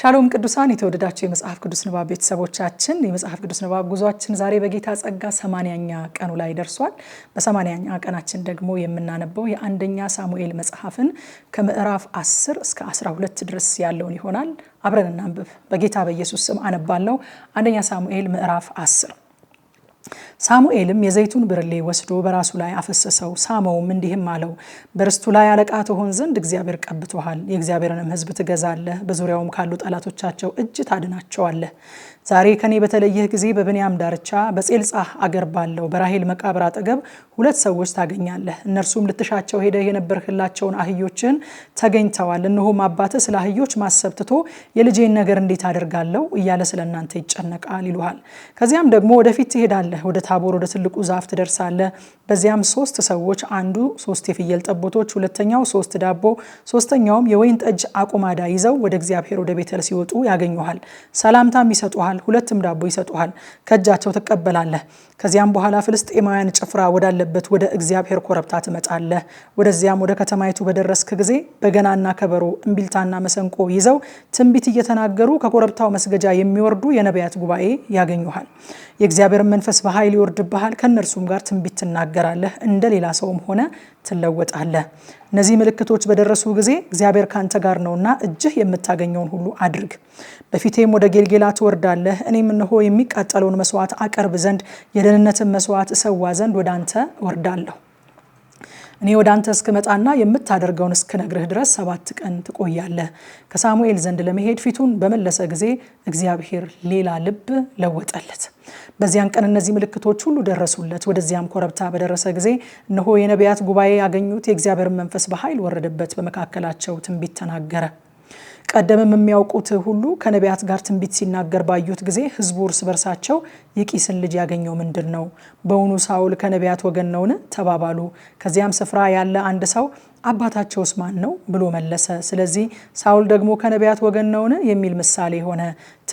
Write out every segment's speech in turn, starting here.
ሻሎም ቅዱሳን የተወደዳቸው የመጽሐፍ ቅዱስ ንባብ ቤተሰቦቻችን የመጽሐፍ ቅዱስ ንባብ ጉዟችን ዛሬ በጌታ ጸጋ ሰማንያኛ ቀኑ ላይ ደርሷል። በሰማንያኛ ቀናችን ደግሞ የምናነበው የአንደኛ ሳሙኤል መጽሐፍን ከምዕራፍ 10 እስከ 12 ድረስ ያለውን ይሆናል። አብረን እናንብብ። በጌታ በኢየሱስ ስም አነባለው። አንደኛ ሳሙኤል ምዕራፍ 10 ሳሙኤልም የዘይቱን ብርሌ ወስዶ በራሱ ላይ አፈሰሰው፣ ሳመውም፣ እንዲህም አለው በርስቱ ላይ አለቃ ትሆን ዘንድ እግዚአብሔር ቀብቶሃል። የእግዚአብሔርንም ሕዝብ ትገዛለህ፣ በዙሪያውም ካሉ ጠላቶቻቸው እጅ ታድናቸዋለህ። ዛሬ ከኔ በተለየህ ጊዜ በብንያም ዳርቻ በጼልጻህ አገር ባለው በራሄል መቃብር አጠገብ ሁለት ሰዎች ታገኛለህ። እነርሱም ልትሻቸው ሄደህ የነበርህላቸውን አህዮችን ተገኝተዋል። እነሆም አባትህ ስለ አህዮች ማሰብ ትቶ የልጄን ነገር እንዴት አደርጋለሁ እያለ ስለ እናንተ ይጨነቃል ይሉሃል። ከዚያም ደግሞ ወደፊት ትሄዳለህ። ወደ ታቦር ወደ ትልቁ ዛፍ ትደርሳለህ። በዚያም ሶስት ሰዎች አንዱ ሶስት የፍየል ጠቦቶች፣ ሁለተኛው ሶስት ዳቦ፣ ሶስተኛውም የወይን ጠጅ አቁማዳ ይዘው ወደ እግዚአብሔር ወደ ቤተል ሲወጡ ያገኙሃል። ሰላምታም ይሰጡሃል። ይሰጡሃል፣ ሁለትም ዳቦ ይሰጡሃል፣ ከእጃቸው ትቀበላለህ። ከዚያም በኋላ ፍልስጤማውያን ጭፍራ ወዳለበት ወደ እግዚአብሔር ኮረብታ ትመጣለህ። ወደዚያም ወደ ከተማይቱ በደረስክ ጊዜ በገናና ከበሮ እምቢልታና መሰንቆ ይዘው ትንቢት እየተናገሩ ከኮረብታው መስገጃ የሚወርዱ የነቢያት ጉባኤ ያገኙሃል። የእግዚአብሔር መንፈስ በኃይል ይወርድብሃል፣ ከእነርሱም ጋር ትንቢት ትናገራለህ። እንደ ሌላ ሰውም ሆነ ትለወጣለህ። እነዚህ ምልክቶች በደረሱ ጊዜ እግዚአብሔር ካንተ ጋር ነውና እጅህ የምታገኘውን ሁሉ አድርግ። በፊቴም ወደ ጌልጌላ ትወርዳለህ። እኔም እነሆ የሚቃጠለውን መስዋዕት አቀርብ ዘንድ የደህንነትን መስዋዕት እሰዋ ዘንድ ወደ አንተ እወርዳለሁ። እኔ ወደ አንተ እስክመጣና የምታደርገውን እስክነግርህ ድረስ ሰባት ቀን ትቆያለህ። ከሳሙኤል ዘንድ ለመሄድ ፊቱን በመለሰ ጊዜ እግዚአብሔር ሌላ ልብ ለወጠለት። በዚያን ቀን እነዚህ ምልክቶች ሁሉ ደረሱለት። ወደዚያም ኮረብታ በደረሰ ጊዜ እነሆ የነቢያት ጉባኤ ያገኙት፣ የእግዚአብሔር መንፈስ በኃይል ወረደበት፣ በመካከላቸው ትንቢት ተናገረ። ቀደምም የሚያውቁት ሁሉ ከነቢያት ጋር ትንቢት ሲናገር ባዩት ጊዜ ሕዝቡ እርስ በርሳቸው የቂስን ልጅ ያገኘው ምንድን ነው? በውኑ ሳውል ከነቢያት ወገን ነውን? ተባባሉ። ከዚያም ስፍራ ያለ አንድ ሰው አባታቸውስ ማን ነው ብሎ መለሰ። ስለዚህ ሳውል ደግሞ ከነቢያት ወገን ነውን የሚል ምሳሌ ሆነ።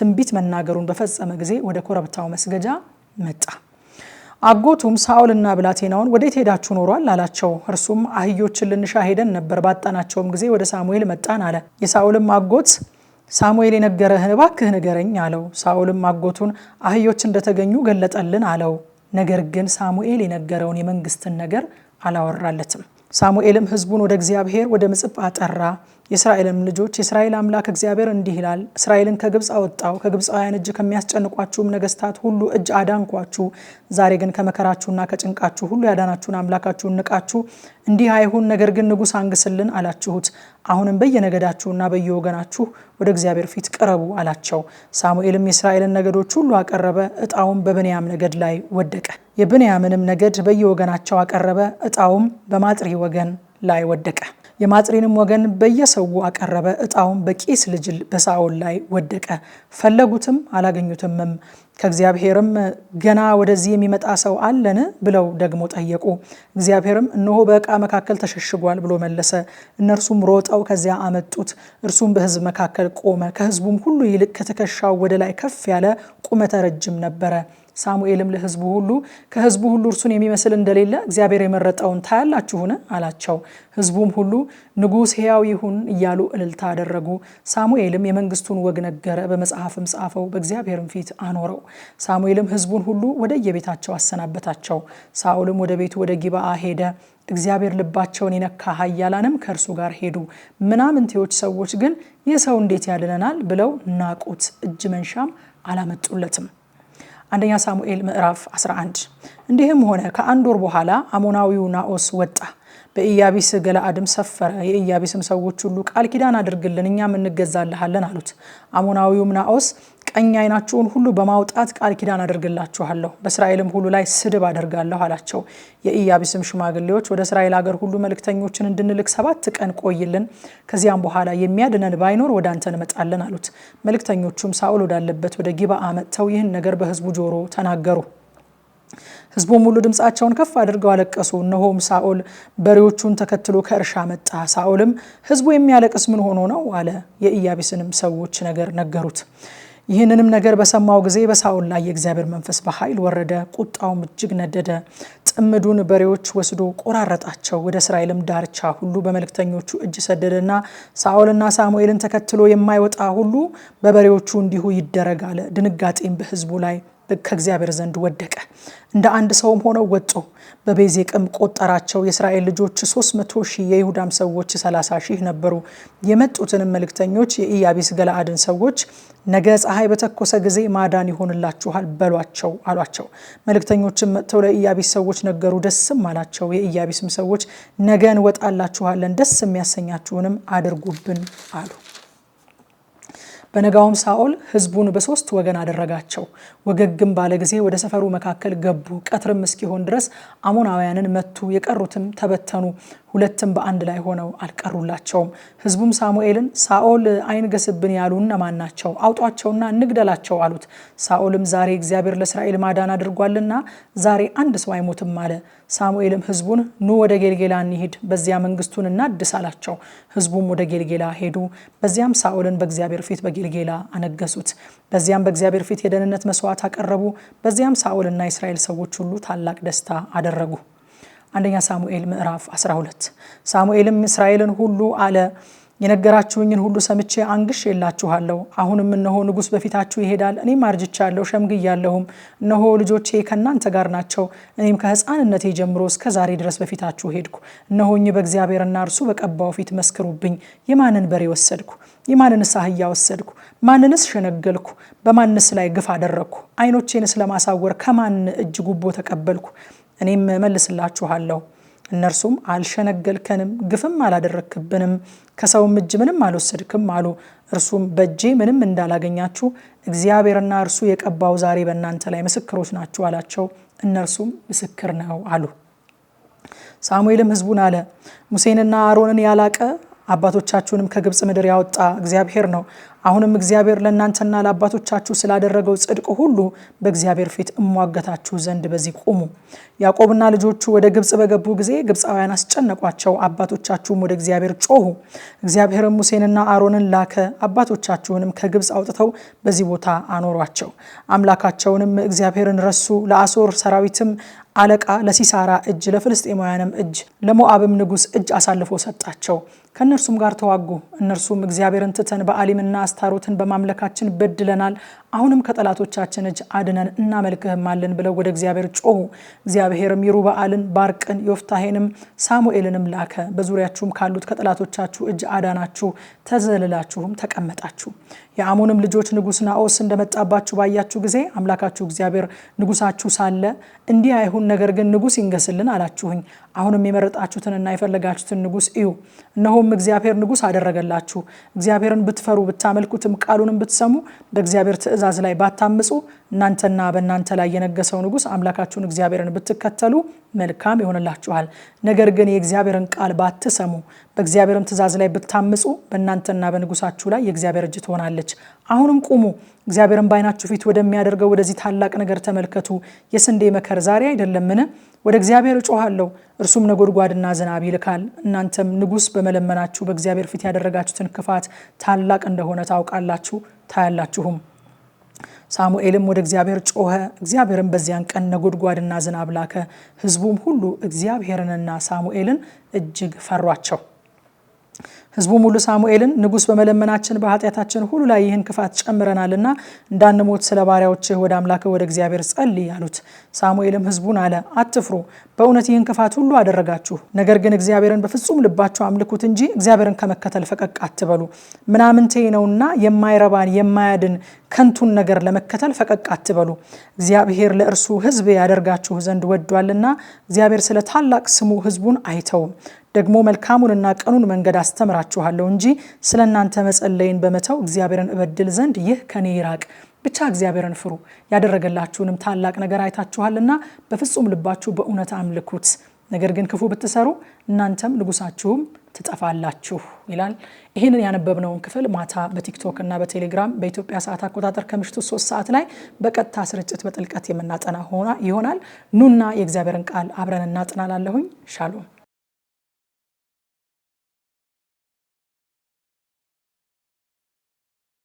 ትንቢት መናገሩን በፈጸመ ጊዜ ወደ ኮረብታው መስገጃ መጣ። አጎቱም ሳኦልና ብላቴናውን ወዴት ሄዳችሁ ኖሯል አላቸው። እርሱም አህዮችን ልንሻ ሄደን ነበር፣ ባጣናቸውም ጊዜ ወደ ሳሙኤል መጣን አለ። የሳኦልም አጎት ሳሙኤል የነገረህን እባክህ ንገረኝ አለው። ሳኦልም አጎቱን አህዮች እንደተገኙ ገለጠልን አለው። ነገር ግን ሳሙኤል የነገረውን የመንግስትን ነገር አላወራለትም። ሳሙኤልም ህዝቡን ወደ እግዚአብሔር ወደ ምጽጳ ጠራ። የእስራኤልም ልጆች የእስራኤል አምላክ እግዚአብሔር እንዲህ ይላል፣ እስራኤልን ከግብፅ አወጣው፣ ከግብፃውያን እጅ ከሚያስጨንቋችሁም ነገስታት ሁሉ እጅ አዳንኳችሁ። ዛሬ ግን ከመከራችሁና ከጭንቃችሁ ሁሉ ያዳናችሁን አምላካችሁን ንቃችሁ እንዲህ አይሁን፣ ነገር ግን ንጉሥ አንግስልን አላችሁት። አሁንም በየነገዳችሁና በየወገናችሁ ወደ እግዚአብሔር ፊት ቅረቡ አላቸው። ሳሙኤልም የእስራኤልን ነገዶች ሁሉ አቀረበ፣ እጣውም በብንያም ነገድ ላይ ወደቀ። የብንያምንም ነገድ በየወገናቸው አቀረበ፣ እጣውም በማጥሪ ወገን ላይ ወደቀ። የማጽሪንም ወገን በየሰው አቀረበ። እጣውን በቂስ ልጅ በሳኦል ላይ ወደቀ። ፈለጉትም አላገኙትምም። ከእግዚአብሔርም ገና ወደዚህ የሚመጣ ሰው አለን ብለው ደግሞ ጠየቁ። እግዚአብሔርም እነሆ በእቃ መካከል ተሸሽጓል ብሎ መለሰ። እነርሱም ሮጠው ከዚያ አመጡት። እርሱም በሕዝብ መካከል ቆመ። ከሕዝቡም ሁሉ ይልቅ ከትከሻው ወደ ላይ ከፍ ያለ ቁመተ ረጅም ነበረ። ሳሙኤልም ለህዝቡ ሁሉ ከህዝቡ ሁሉ እርሱን የሚመስል እንደሌለ እግዚአብሔር የመረጠውን ታያላችሁን? አላቸው። ህዝቡም ሁሉ ንጉሥ ሕያው ይሁን እያሉ እልልታ አደረጉ። ሳሙኤልም የመንግስቱን ወግ ነገረ፣ በመጽሐፍም ጻፈው፣ በእግዚአብሔርም ፊት አኖረው። ሳሙኤልም ህዝቡን ሁሉ ወደየቤታቸው አሰናበታቸው። ሳኦልም ወደ ቤቱ ወደ ጊባአ ሄደ። እግዚአብሔር ልባቸውን የነካ ኃያላንም ከእርሱ ጋር ሄዱ። ምናምንቴዎች ሰዎች ግን ይህ ሰው እንዴት ያድነናል ብለው ናቁት፣ እጅ መንሻም አላመጡለትም። አንደኛ ሳሙኤል ምዕራፍ 11 እንዲህም ሆነ ከአንድ ወር በኋላ አሞናዊው ናኦስ ወጣ በኢያቢስ ገለአድም ሰፈረ። የኢያቢስም ሰዎች ሁሉ ቃል ኪዳን አድርግልን እኛም እንገዛልሃለን አሉት። አሞናዊውም ናኦስ ቀኝ ዓይናችሁን ሁሉ በማውጣት ቃል ኪዳን አደርግላችኋለሁ፣ በእስራኤልም ሁሉ ላይ ስድብ አደርጋለሁ አላቸው። የኢያቢስም ሽማግሌዎች ወደ እስራኤል አገር ሁሉ መልእክተኞችን እንድንልክ ሰባት ቀን ቆይልን፣ ከዚያም በኋላ የሚያድነን ባይኖር ወደ አንተ እንመጣለን አሉት። መልእክተኞቹም ሳኦል ወዳለበት ወደ ጊባአ መጥተው ይህን ነገር በህዝቡ ጆሮ ተናገሩ። ህዝቡም ሁሉ ድምፃቸውን ከፍ አድርገው አለቀሱ። እነሆም ሳኦል በሬዎቹን ተከትሎ ከእርሻ መጣ። ሳኦልም ህዝቡ የሚያለቅስ ምን ሆኖ ነው አለ። የኢያቢስንም ሰዎች ነገር ነገሩት። ይህንንም ነገር በሰማው ጊዜ በሳኦል ላይ የእግዚአብሔር መንፈስ በኃይል ወረደ፣ ቁጣውም እጅግ ነደደ። ጥምዱን በሬዎች ወስዶ ቆራረጣቸው፣ ወደ እስራኤልም ዳርቻ ሁሉ በመልክተኞቹ እጅ ሰደደና ሳኦልና ሳሙኤልን ተከትሎ የማይወጣ ሁሉ በበሬዎቹ እንዲሁ ይደረግ አለ። ድንጋጤም በሕዝቡ ላይ ከእግዚአብሔር ዘንድ ወደቀ። እንደ አንድ ሰውም ሆነው ወጡ። በቤዜቅም ቆጠራቸው። የእስራኤል ልጆች 300 ሺህ የይሁዳም ሰዎች ሰላሳ ሺህ ነበሩ። የመጡትንም መልእክተኞች የኢያቢስ ገለአድን ሰዎች ነገ ፀሐይ በተኮሰ ጊዜ ማዳን ይሆንላችኋል በሏቸው አሏቸው። መልእክተኞችም መጥተው ለኢያቢስ ሰዎች ነገሩ፣ ደስም አላቸው። የኢያቢስም ሰዎች ነገ እንወጣላችኋለን፣ ደስ የሚያሰኛችሁንም አድርጉብን አሉ። በነጋውም ሳኦል ህዝቡን በሶስት ወገን አደረጋቸው። ወገግም ባለ ጊዜ ወደ ሰፈሩ መካከል ገቡ። ቀትርም እስኪሆን ድረስ አሞናውያንን መቱ፣ የቀሩትም ተበተኑ። ሁለትም በአንድ ላይ ሆነው አልቀሩላቸውም። ህዝቡም ሳሙኤልን ሳኦል አይንገስብን ያሉ እነማን ናቸው? አውጧቸውና እንግደላቸው አሉት። ሳኦልም ዛሬ እግዚአብሔር ለእስራኤል ማዳን አድርጓልና ዛሬ አንድ ሰው አይሞትም አለ። ሳሙኤልም ህዝቡን ኑ ወደ ጌልጌላ እንሂድ፣ በዚያ መንግስቱን እናድስ አላቸው። ህዝቡም ወደ ጌልጌላ ሄዱ። በዚያም ሳኦልን በእግዚአብሔር ፊት በጌልጌላ አነገሱት። በዚያም በእግዚአብሔር ፊት የደህንነት መስዋዕት አቀረቡ። በዚያም ሳኦልና የእስራኤል ሰዎች ሁሉ ታላቅ ደስታ አደረጉ። አንደኛ ሳሙኤል ምዕራፍ 12 ሳሙኤልም እስራኤልን ሁሉ አለ የነገራችሁኝን ሁሉ ሰምቼ አንግሽ የላችኋለሁ። አሁንም እነሆ ንጉሥ በፊታችሁ ይሄዳል። እኔም አርጅቻለሁ ሸምግያለሁም። እነሆ ልጆቼ ከእናንተ ጋር ናቸው። እኔም ከሕፃንነቴ ጀምሮ እስከ ዛሬ ድረስ በፊታችሁ ሄድኩ። እነሆኝ በእግዚአብሔርና እርሱ በቀባው ፊት መስክሩብኝ። የማንን በሬ ወሰድኩ? የማንንስ አህያ ወሰድኩ? ማንንስ ሸነገልኩ? በማንስ ላይ ግፍ አደረግኩ? ዓይኖቼንስ ለማሳወር ከማን እጅ ጉቦ ተቀበልኩ? እኔም መልስላችኋለሁ። እነርሱም አልሸነገልከንም፣ ግፍም አላደረክብንም፣ ከሰውም እጅ ምንም አልወሰድክም አሉ። እርሱም በእጄ ምንም እንዳላገኛችሁ እግዚአብሔርና እርሱ የቀባው ዛሬ በእናንተ ላይ ምስክሮች ናችሁ አላቸው። እነርሱም ምስክር ነው አሉ። ሳሙኤልም ህዝቡን አለ ሙሴንና አሮንን ያላቀ አባቶቻችሁንም ከግብፅ ምድር ያወጣ እግዚአብሔር ነው። አሁንም እግዚአብሔር ለእናንተና ለአባቶቻችሁ ስላደረገው ጽድቅ ሁሉ በእግዚአብሔር ፊት እሟገታችሁ ዘንድ በዚህ ቁሙ። ያዕቆብና ልጆቹ ወደ ግብፅ በገቡ ጊዜ ግብፃውያን አስጨነቋቸው፣ አባቶቻችሁም ወደ እግዚአብሔር ጮሁ። እግዚአብሔርም ሙሴንና አሮንን ላከ፣ አባቶቻችሁንም ከግብፅ አውጥተው በዚህ ቦታ አኖሯቸው። አምላካቸውንም እግዚአብሔርን ረሱ፣ ለአሶር ሰራዊትም አለቃ ለሲሳራ እጅ፣ ለፍልስጤማውያንም እጅ፣ ለሞአብም ንጉሥ እጅ አሳልፎ ሰጣቸው። ከእነርሱም ጋር ተዋጉ። እነርሱም እግዚአብሔርን ትተን በአሊምና አስታሮትን በማምለካችን በድለናል፣ አሁንም ከጠላቶቻችን እጅ አድነን እናመልክህማለን ብለው ወደ እግዚአብሔር ጮሁ። እግዚአብሔርም ይሩበአልን፣ ባርቅን፣ ዮፍታሄንም ሳሙኤልንም ላከ። በዙሪያችሁም ካሉት ከጠላቶቻችሁ እጅ አዳናችሁ፣ ተዘልላችሁም ተቀመጣችሁ። የአሞንም ልጆች ንጉሥ ናኦስ እንደመጣባችሁ ባያችሁ ጊዜ አምላካችሁ እግዚአብሔር ንጉሳችሁ ሳለ እንዲህ አይሁን፣ ነገር ግን ንጉሥ ይንገስልን አላችሁኝ። አሁንም የመረጣችሁትንና የፈለጋችሁትን ንጉሥ እዩ። እነሆም እግዚአብሔር ንጉሥ አደረገላችሁ። እግዚአብሔርን ብትፈሩ ብታመልኩትም ቃሉንም ብትሰሙ በእግዚአብሔር ትእዛዝ ትእዛዝ ላይ ባታምፁ እናንተና በእናንተ ላይ የነገሰው ንጉስ አምላካችሁን እግዚአብሔርን ብትከተሉ መልካም ይሆንላችኋል። ነገር ግን የእግዚአብሔርን ቃል ባትሰሙ በእግዚአብሔርም ትእዛዝ ላይ ብታምፁ በእናንተና በንጉሳችሁ ላይ የእግዚአብሔር እጅ ትሆናለች። አሁንም ቁሙ፣ እግዚአብሔርን በዓይናችሁ ፊት ወደሚያደርገው ወደዚህ ታላቅ ነገር ተመልከቱ። የስንዴ መከር ዛሬ አይደለምን? ወደ እግዚአብሔር እጮኋለሁ፣ እርሱም ነጎድጓድና ዝናብ ይልካል። እናንተም ንጉስ በመለመናችሁ በእግዚአብሔር ፊት ያደረጋችሁትን ክፋት ታላቅ እንደሆነ ታውቃላችሁ ታያላችሁም። ሳሙኤልም ወደ እግዚአብሔር ጮኸ፣ እግዚአብሔርም በዚያን ቀን ነጎድጓድና ዝናብ ላከ። ሕዝቡም ሁሉ እግዚአብሔርንና ሳሙኤልን እጅግ ፈሯቸው። ህዝቡ ሁሉ ሳሙኤልን ንጉሥ በመለመናችን በኃጢአታችን ሁሉ ላይ ይህን ክፋት ጨምረናልና እንዳንሞት ስለ ባሪያዎችህ ወደ አምላክህ ወደ እግዚአብሔር ጸልይ አሉት። ሳሙኤልም ህዝቡን አለ፣ አትፍሩ፣ በእውነት ይህን ክፋት ሁሉ አደረጋችሁ። ነገር ግን እግዚአብሔርን በፍጹም ልባችሁ አምልኩት እንጂ እግዚአብሔርን ከመከተል ፈቀቅ አትበሉ። ምናምንቴ ነውና የማይረባን የማያድን ከንቱን ነገር ለመከተል ፈቀቅ አትበሉ። እግዚአብሔር ለእርሱ ህዝብ ያደርጋችሁ ዘንድ ወዷልና እግዚአብሔር ስለ ታላቅ ስሙ ህዝቡን አይተውም። ደግሞ መልካሙንና ቀኑን መንገድ አስተምራችኋለሁ እንጂ ስለ እናንተ መጸለይን በመተው እግዚአብሔርን እበድል ዘንድ ይህ ከኔ ይራቅ። ብቻ እግዚአብሔርን ፍሩ፣ ያደረገላችሁንም ታላቅ ነገር አይታችኋልና በፍጹም ልባችሁ በእውነት አምልኩት። ነገር ግን ክፉ ብትሰሩ እናንተም ንጉሳችሁም ትጠፋላችሁ ይላል። ይህንን ያነበብነውን ክፍል ማታ በቲክቶክ እና በቴሌግራም በኢትዮጵያ ሰዓት አቆጣጠር ከምሽቱ ሶስት ሰዓት ላይ በቀጥታ ስርጭት በጥልቀት የምናጠና ይሆናል። ኑና የእግዚአብሔርን ቃል አብረን እናጥናላለሁኝ። ሻሎም